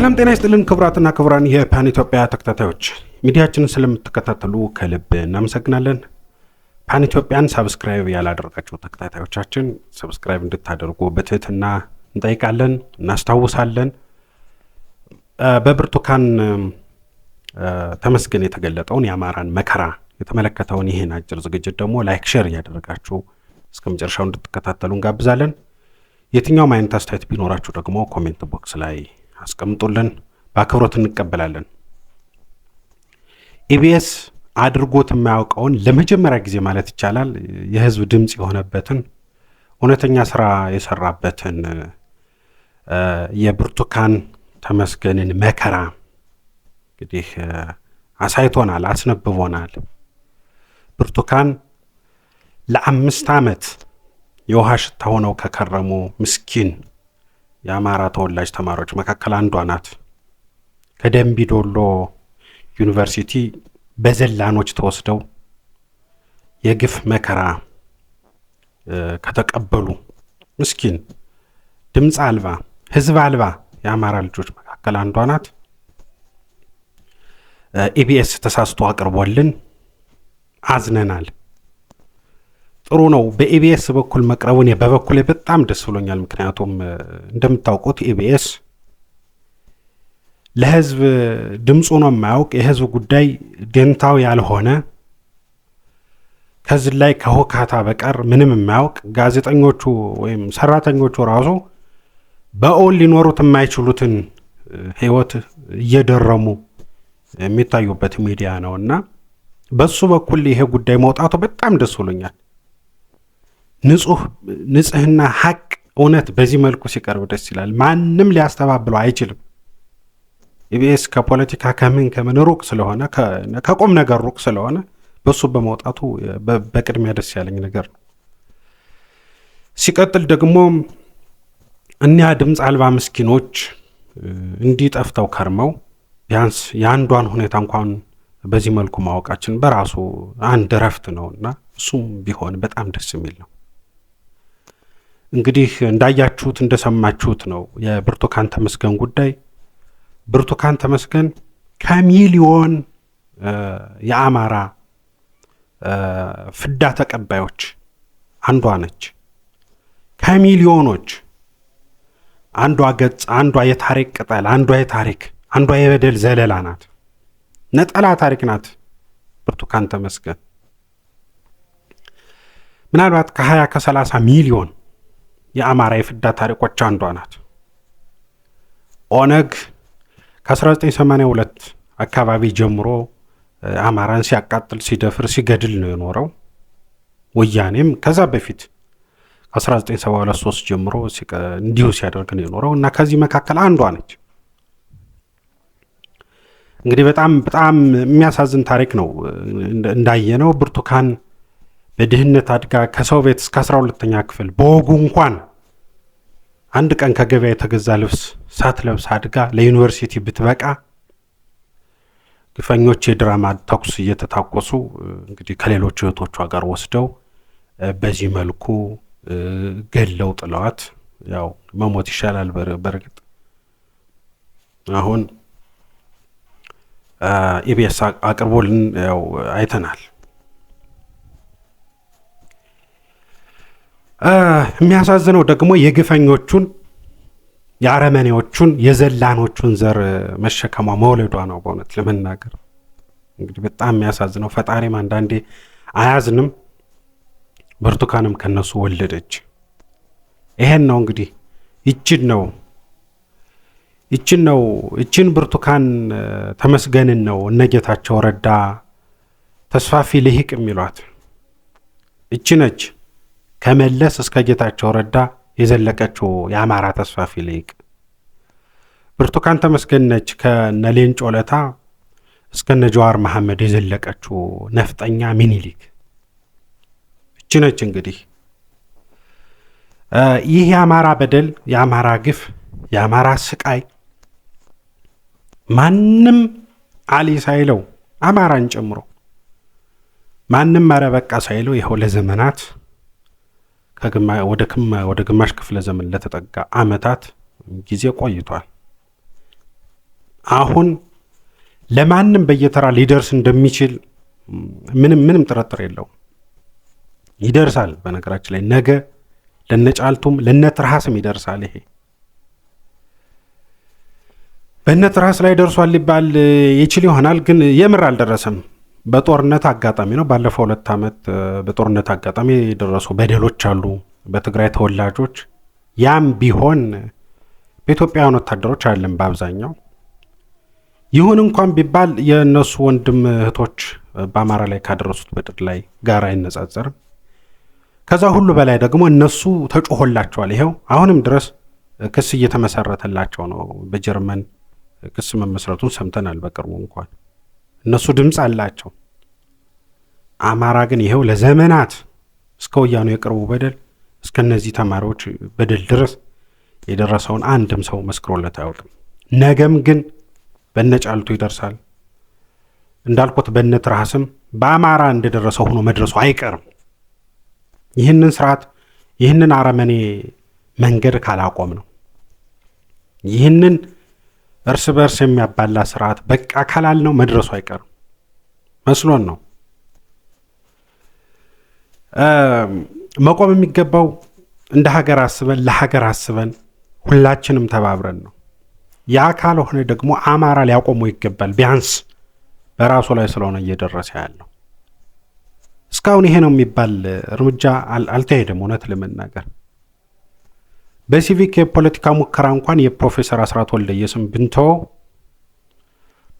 ሰላም ጤና ይስጥልን ክቡራትና ክቡራን የፓን ኢትዮጵያ ተከታታዮች ሚዲያችንን ስለምትከታተሉ ከልብ እናመሰግናለን። ፓን ኢትዮጵያን ሳብስክራይብ ያላደረጋችሁ ተከታታዮቻችን ሰብስክራይብ እንድታደርጉ በትህትና እንጠይቃለን፣ እናስታውሳለን። በብርቱካን ተመስገን የተገለጠውን የአማራን መከራ የተመለከተውን ይህን አጭር ዝግጅት ደግሞ ላይክ፣ ሼር እያደረጋችሁ እስከ መጨረሻው እንድትከታተሉ እንጋብዛለን። የትኛውም አይነት አስተያየት ቢኖራችሁ ደግሞ ኮሜንት ቦክስ ላይ አስቀምጦልን በአክብሮት እንቀበላለን። ኢቢኤስ አድርጎት የማያውቀውን ለመጀመሪያ ጊዜ ማለት ይቻላል የህዝብ ድምፅ የሆነበትን እውነተኛ ስራ የሰራበትን የብርቱካን ተመስገንን መከራ እንግዲህ አሳይቶናል፣ አስነብቦናል። ብርቱካን ለአምስት ዓመት የውሃ ሽታ ሆነው ከከረሙ ምስኪን የአማራ ተወላጅ ተማሪዎች መካከል አንዷ ናት። ከደንቢ ዶሎ ዩኒቨርሲቲ በዘላኖች ተወስደው የግፍ መከራ ከተቀበሉ ምስኪን ድምፅ አልባ ህዝብ አልባ የአማራ ልጆች መካከል አንዷ ናት። ኢቢኤስ ተሳስቶ አቅርቦልን አዝነናል። ጥሩ ነው። በኢቢኤስ በኩል መቅረቡን በበኩሌ በጣም ደስ ብሎኛል። ምክንያቱም እንደምታውቁት ኢቢኤስ ለህዝብ ድምፁ ነው የማያውቅ የህዝብ ጉዳይ ደንታው ያልሆነ ከዚህ ላይ ከሆካታ በቀር ምንም የማያውቅ ጋዜጠኞቹ ወይም ሰራተኞቹ ራሱ በኦል ሊኖሩት የማይችሉትን ህይወት እየደረሙ የሚታዩበት ሚዲያ ነው እና በሱ በኩል ይሄ ጉዳይ መውጣቱ በጣም ደስ ብሎኛል። ንጹህ ንጽህና ሀቅ እውነት በዚህ መልኩ ሲቀርብ ደስ ይላል። ማንም ሊያስተባብለው አይችልም። ኢቢኤስ ከፖለቲካ ከምን ከምን ሩቅ ስለሆነ ከቁም ነገር ሩቅ ስለሆነ በሱ በመውጣቱ በቅድሚያ ደስ ያለኝ ነገር ነው። ሲቀጥል ደግሞ እኒያ ድምፅ አልባ ምስኪኖች እንዲህ ጠፍተው ከርመው ቢያንስ የአንዷን ሁኔታ እንኳን በዚህ መልኩ ማወቃችን በራሱ አንድ እረፍት ነውና እሱም ቢሆን በጣም ደስ የሚል ነው። እንግዲህ እንዳያችሁት እንደሰማችሁት ነው የብርቱካን ተመስገን ጉዳይ። ብርቱካን ተመስገን ከሚሊዮን የአማራ ፍዳ ተቀባዮች አንዷ ነች። ከሚሊዮኖች አንዷ ገጽ፣ አንዷ የታሪክ ቅጠል፣ አንዷ የታሪክ አንዷ የበደል ዘለላ ናት። ነጠላ ታሪክ ናት ብርቱካን ተመስገን ምናልባት ከ ከሰላሳ ከ30 ሚሊዮን የአማራ የፍዳ ታሪኮች አንዷ ናት። ኦነግ ከ1982 አካባቢ ጀምሮ አማራን ሲያቃጥል፣ ሲደፍር፣ ሲገድል ነው የኖረው። ወያኔም ከዛ በፊት ከ1973 ጀምሮ እንዲሁ ሲያደርግ ነው የኖረው እና ከዚህ መካከል አንዷ ነች። እንግዲህ በጣም በጣም የሚያሳዝን ታሪክ ነው። እንዳየነው ብርቱካን በድህነት አድጋ ከሰው ቤት እስከ 12ኛ ክፍል በወጉ እንኳን አንድ ቀን ከገበያ የተገዛ ልብስ ሳትለብስ አድጋ ለዩኒቨርሲቲ ብትበቃ ግፈኞች የድራማ ተኩስ እየተታኮሱ እንግዲህ ከሌሎች እህቶቿ ጋር ወስደው በዚህ መልኩ ገለው ጥለዋት፣ ያው መሞት ይሻላል። በርግጥ አሁን ኢቢኤስ አቅርቦልን ያው አይተናል። የሚያሳዝነው ደግሞ የግፈኞቹን የአረመኔዎቹን የዘላኖቹን ዘር መሸከሟ መውለዷ ነው። በእውነት ለመናገር እንግዲህ በጣም የሚያሳዝነው ፈጣሪም አንዳንዴ አያዝንም። ብርቱካንም ከነሱ ወለደች። ይሄን ነው እንግዲህ ይችን ነው ይችን ነው ይችን ብርቱካን ተመስገንን ነው እነጌታቸው ረዳ ተስፋፊ ልሂቅ የሚሏት ይች ነች። ከመለስ እስከ ጌታቸው ረዳ የዘለቀችው የአማራ ተስፋፊ ልሂቅ ብርቱካን ተመስገን ነች። ጮለታ ለታ እስከነ ጀዋር መሐመድ የዘለቀችው ነፍጠኛ ሚኒሊክ እች ነች። እንግዲህ ይህ የአማራ በደል፣ የአማራ ግፍ፣ የአማራ ስቃይ ማንም አሊ ሳይለው አማራን ጨምሮ ማንም አረበቃ ሳይለው ይኸው ለዘመናት ወደ ግማሽ ክፍለ ዘመን ለተጠጋ ዓመታት ጊዜ ቆይቷል። አሁን ለማንም በየተራ ሊደርስ እንደሚችል ምንም ምንም ጥርጥር የለውም። ይደርሳል። በነገራችን ላይ ነገ ለነጫልቱም ለነትርሃስም ይደርሳል። ይሄ በነትርሃስ ላይ ደርሷል ሊባል ይችል ይሆናል፣ ግን የምር አልደረሰም። በጦርነት አጋጣሚ ነው። ባለፈው ሁለት ዓመት በጦርነት አጋጣሚ የደረሱ በደሎች አሉ በትግራይ ተወላጆች። ያም ቢሆን በኢትዮጵያውያን ወታደሮች አለም በአብዛኛው። ይሁን እንኳን ቢባል የእነሱ ወንድም እህቶች በአማራ ላይ ካደረሱት በደል ላይ ጋር አይነጻጸርም። ከዛ ሁሉ በላይ ደግሞ እነሱ ተጮሆላቸዋል። ይኸው አሁንም ድረስ ክስ እየተመሰረተላቸው ነው። በጀርመን ክስ መመስረቱን ሰምተናል በቅርቡ እንኳን እነሱ ድምፅ አላቸው። አማራ ግን ይኸው ለዘመናት እስከ የቅርቡ በደል እስከ ተማሪዎች በደል ድረስ የደረሰውን አንድም ሰው መስክሮለት አያውቅም። ነገም ግን በነጫልቱ ይደርሳል። እንዳልኩት በነ ራስም በአማራ እንደደረሰው ሆኖ መድረሱ አይቀርም። ይህንን ስርዓት ይህንን አረመኔ መንገድ ካላቆም ነው ይህንን እርስ በእርስ የሚያባላ ስርዓት በቃ ካላል ነው መድረሱ አይቀርም መስሎን ነው መቆም የሚገባው እንደ ሀገር አስበን ለሀገር አስበን ሁላችንም ተባብረን ነው። ያ ካልሆነ ደግሞ አማራ ሊያቆመው ይገባል። ቢያንስ በራሱ ላይ ስለሆነ እየደረሰ ያለው እስካሁን ይሄ ነው የሚባል እርምጃ አልተሄደም። እውነት ለመናገር በሲቪክ የፖለቲካ ሙከራ እንኳን የፕሮፌሰር አስራት ወልደየስም ብንቶ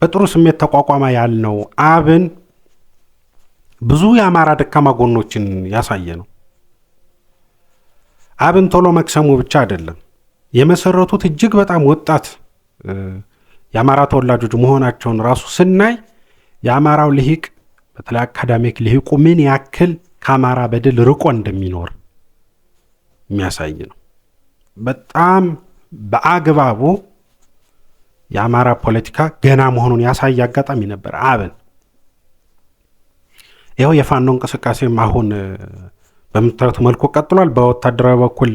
በጥሩ ስሜት ተቋቋመ ያልነው አብን ብዙ የአማራ ደካማ ጎኖችን ያሳየ ነው። አብን ቶሎ መክሰሙ ብቻ አይደለም የመሰረቱት እጅግ በጣም ወጣት የአማራ ተወላጆች መሆናቸውን ራሱ ስናይ የአማራው ልሂቅ በተለይ አካዳሚክ ልሂቁ ምን ያክል ከአማራ በደል ርቆ እንደሚኖር የሚያሳይ ነው። በጣም በአግባቡ የአማራ ፖለቲካ ገና መሆኑን ያሳየ አጋጣሚ ነበር። አብን ይኸው የፋኖ እንቅስቃሴም አሁን በምታዩት መልኩ ቀጥሏል። በወታደራዊ በኩል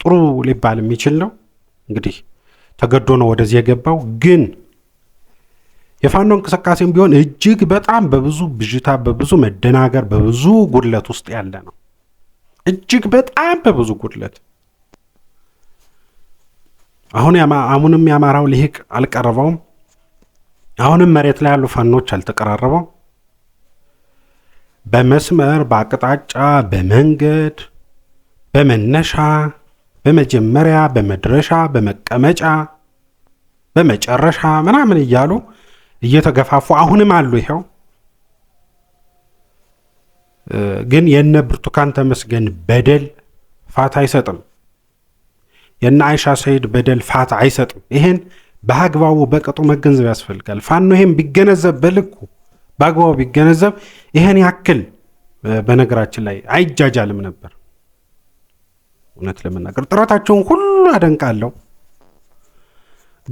ጥሩ ሊባል የሚችል ነው። እንግዲህ ተገዶ ነው ወደዚህ የገባው። ግን የፋኖ እንቅስቃሴም ቢሆን እጅግ በጣም በብዙ ብዥታ፣ በብዙ መደናገር፣ በብዙ ጉድለት ውስጥ ያለ ነው። እጅግ በጣም በብዙ ጉድለት አሁን አሁንም የአማራው ሊሂቅ አልቀረበውም። አሁንም መሬት ላይ ያሉ ፋኖች አልተቀራረበው። በመስመር በአቅጣጫ በመንገድ በመነሻ በመጀመሪያ በመድረሻ በመቀመጫ በመጨረሻ ምናምን እያሉ እየተገፋፉ አሁንም አሉ። ይኸው ግን የነ ብርቱካን ተመስገን በደል ፋታ አይሰጥም። የነ አይሻ ሰይድ በደል ፋታ አይሰጥም። ይሄን በአግባቡ በቅጡ መገንዘብ ያስፈልጋል። ፋኖ ይሄን ቢገነዘብ በልኩ በአግባቡ ቢገነዘብ ይሄን ያክል በነገራችን ላይ አይጃጃልም ነበር። እውነት ለመናገር ጥረታቸውን ሁሉ አደንቃለሁ፣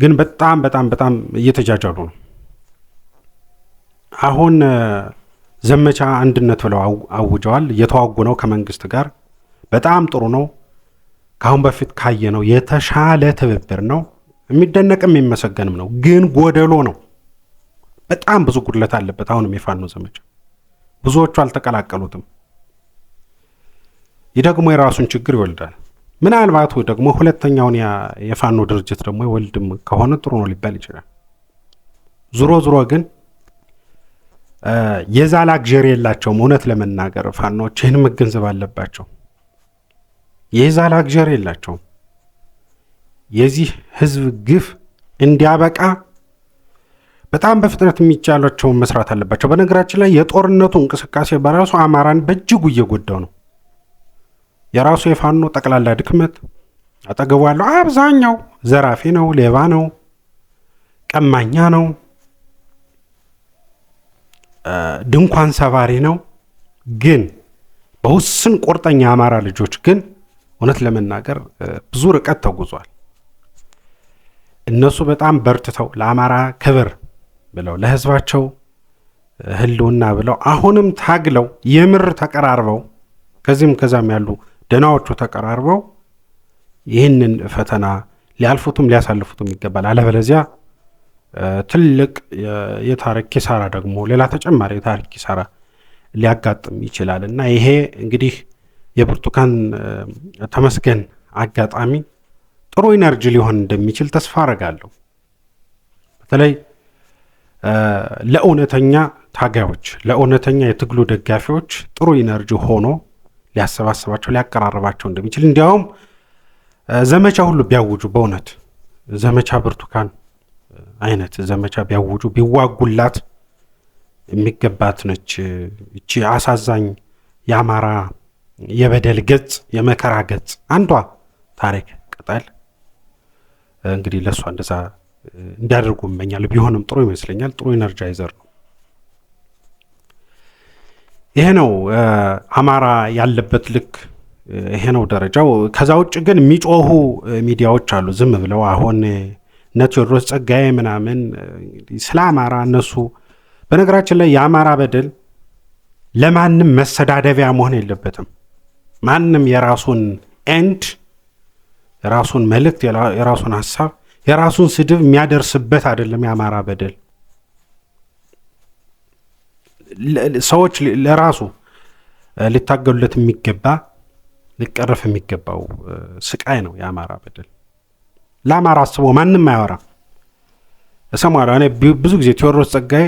ግን በጣም በጣም በጣም እየተጃጃሉ ነው። አሁን ዘመቻ አንድነት ብለው አውጀዋል። እየተዋጉ ነው ከመንግስት ጋር። በጣም ጥሩ ነው። ከአሁን በፊት ካየነው የተሻለ ትብብር ነው። የሚደነቅም የሚመሰገንም ነው። ግን ጎደሎ ነው። በጣም ብዙ ጉድለት አለበት። አሁንም የፋኖ ዘመቻ ብዙዎቹ አልተቀላቀሉትም። ይህ ደግሞ የራሱን ችግር ይወልዳል። ምናልባት ደግሞ ሁለተኛውን የፋኖ ድርጅት ደግሞ ወልድም ከሆነ ጥሩ ነው ሊባል ይችላል። ዙሮ ዙሮ ግን የዛ ላግዠሪ የላቸውም። እውነት ለመናገር ፋኖች ይህን መገንዘብ አለባቸው። የዛ ላግዠሪ የላቸውም። የዚህ ህዝብ ግፍ እንዲያበቃ በጣም በፍጥነት የሚቻላቸውን መስራት አለባቸው። በነገራችን ላይ የጦርነቱ እንቅስቃሴ በራሱ አማራን በእጅጉ እየጎዳው ነው። የራሱ የፋኖ ጠቅላላ ድክመት አጠገቡ ያለው አብዛኛው ዘራፊ ነው፣ ሌባ ነው፣ ቀማኛ ነው፣ ድንኳን ሰባሪ ነው። ግን በውስን ቁርጠኛ አማራ ልጆች ግን እውነት ለመናገር ብዙ ርቀት ተጉዟል። እነሱ በጣም በርትተው ለአማራ ክብር ብለው ለህዝባቸው ህልውና ብለው አሁንም ታግለው የምር ተቀራርበው ከዚህም ከዛም ያሉ ደናዎቹ ተቀራርበው ይህንን ፈተና ሊያልፉትም ሊያሳልፉትም ይገባል። አለበለዚያ ትልቅ የታሪክ ኪሳራ ደግሞ ሌላ ተጨማሪ የታሪክ ኪሳራ ሊያጋጥም ይችላል እና ይሄ እንግዲህ የብርቱካን ተመስገን አጋጣሚ ጥሩ ኢነርጂ ሊሆን እንደሚችል ተስፋ አረጋለሁ። በተለይ ለእውነተኛ ታጋዮች፣ ለእውነተኛ የትግሉ ደጋፊዎች ጥሩ ኢነርጂ ሆኖ ሊያሰባስባቸው ሊያቀራርባቸው እንደሚችል እንዲያውም ዘመቻ ሁሉ ቢያውጁ በእውነት ዘመቻ ብርቱካን አይነት ዘመቻ ቢያውጁ ቢዋጉላት የሚገባት ነች። እቺ አሳዛኝ የአማራ የበደል ገጽ፣ የመከራ ገጽ አንዷ ታሪክ ቅጠል እንግዲህ ለእሷ እንደዛ እንዲያደርጉ እመኛለሁ። ቢሆንም ጥሩ ይመስለኛል። ጥሩ ኢነርጃይዘር ነው። ይሄ ነው አማራ ያለበት ልክ ይሄ ነው ደረጃው። ከዛ ውጭ ግን የሚጮሁ ሚዲያዎች አሉ ዝም ብለው አሁን እነ ቴዎድሮስ ጸጋዬ ምናምን ስለ አማራ እነሱ በነገራችን ላይ የአማራ በደል ለማንም መሰዳደቢያ መሆን የለበትም። ማንም የራሱን ኤንድ የራሱን መልእክት የራሱን ሀሳብ የራሱን ስድብ የሚያደርስበት አይደለም። የአማራ በደል ሰዎች ለራሱ ሊታገሉለት የሚገባ ሊቀረፍ የሚገባው ስቃይ ነው። የአማራ በደል ለአማራ አስቦ ማንም አያወራም። እሰማለሁ እኔ ብዙ ጊዜ ቴዎድሮስ ጸጋዬ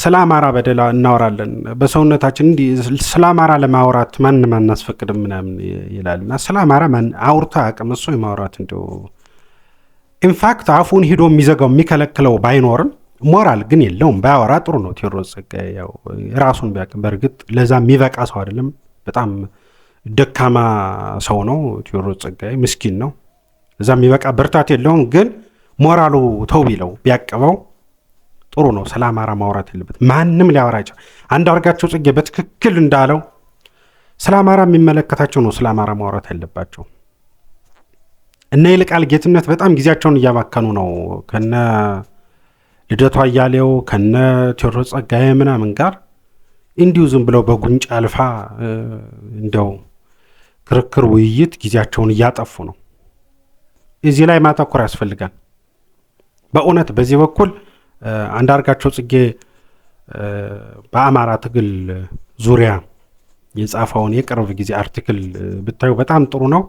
ስለ አማራ በደላ እናወራለን በሰውነታችን እንዲህ ስለ አማራ ለማውራት ማንም አናስፈቅድም ምናምን ይላል እና ስለ አማራ አውርቶ አቅም እሱ የማውራት እንዲ ኢንፋክት አፉን ሂዶ የሚዘጋው የሚከለክለው ባይኖርም ሞራል ግን የለውም። ባያወራ ጥሩ ነው። ቴዎድሮስ ጸጋዬ ያው ራሱን በእርግጥ ለዛ የሚበቃ ሰው አይደለም። በጣም ደካማ ሰው ነው ቴዎድሮስ ጸጋዬ ምስኪን ነው። እዛ የሚበቃ ብርታት የለውም። ግን ሞራሉ ተው ቢለው ቢያቅበው ጥሩ ነው። ስለ አማራ ማውራት የለበት ማንም ሊያወራ ይችላል። አንድ አርጋቸው ጽጌ በትክክል እንዳለው ስለ አማራ የሚመለከታቸው ነው ስለ አማራ ማውራት ያለባቸው። እነ ይልቃል ጌትነት በጣም ጊዜያቸውን እያባከኑ ነው ከነ ልደቱ አያሌው ከነ ቴዎድሮስ ጸጋዬ ምናምን ጋር እንዲሁ ዝም ብለው በጉንጭ አልፋ እንደው ክርክር፣ ውይይት ጊዜያቸውን እያጠፉ ነው። እዚህ ላይ ማተኮር ያስፈልጋል በእውነት በዚህ በኩል አንዳርጋቸው ጽጌ በአማራ ትግል ዙሪያ የጻፈውን የቅርብ ጊዜ አርቲክል ብታዩ በጣም ጥሩ ነው።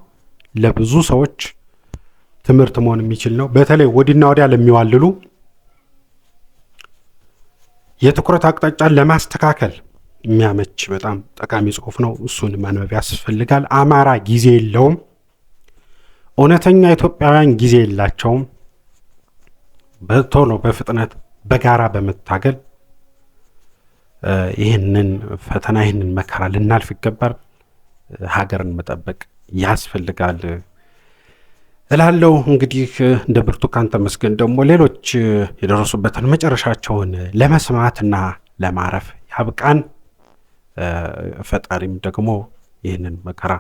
ለብዙ ሰዎች ትምህርት መሆን የሚችል ነው። በተለይ ወዲና ወዲያ ለሚዋልሉ የትኩረት አቅጣጫን ለማስተካከል የሚያመች በጣም ጠቃሚ ጽሑፍ ነው። እሱን ማንበብ ያስፈልጋል። አማራ ጊዜ የለውም። እውነተኛ ኢትዮጵያውያን ጊዜ የላቸውም። በቶሎ በፍጥነት በጋራ በመታገል ይህንን ፈተና ይህንን መከራ ልናልፍ ይገባል። ሀገርን መጠበቅ ያስፈልጋል እላለው። እንግዲህ እንደ ብርቱካን ተመስገን ደግሞ ሌሎች የደረሱበትን መጨረሻቸውን ለመስማትና ለማረፍ ያብቃን። ፈጣሪም ደግሞ ይህንን መከራ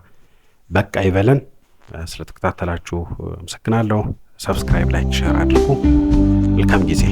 በቃ ይበለን። ስለተከታተላችሁ አመሰግናለሁ። ሰብስክራይብ፣ ላይክ፣ ሸር አድርጉ። መልካም ጊዜ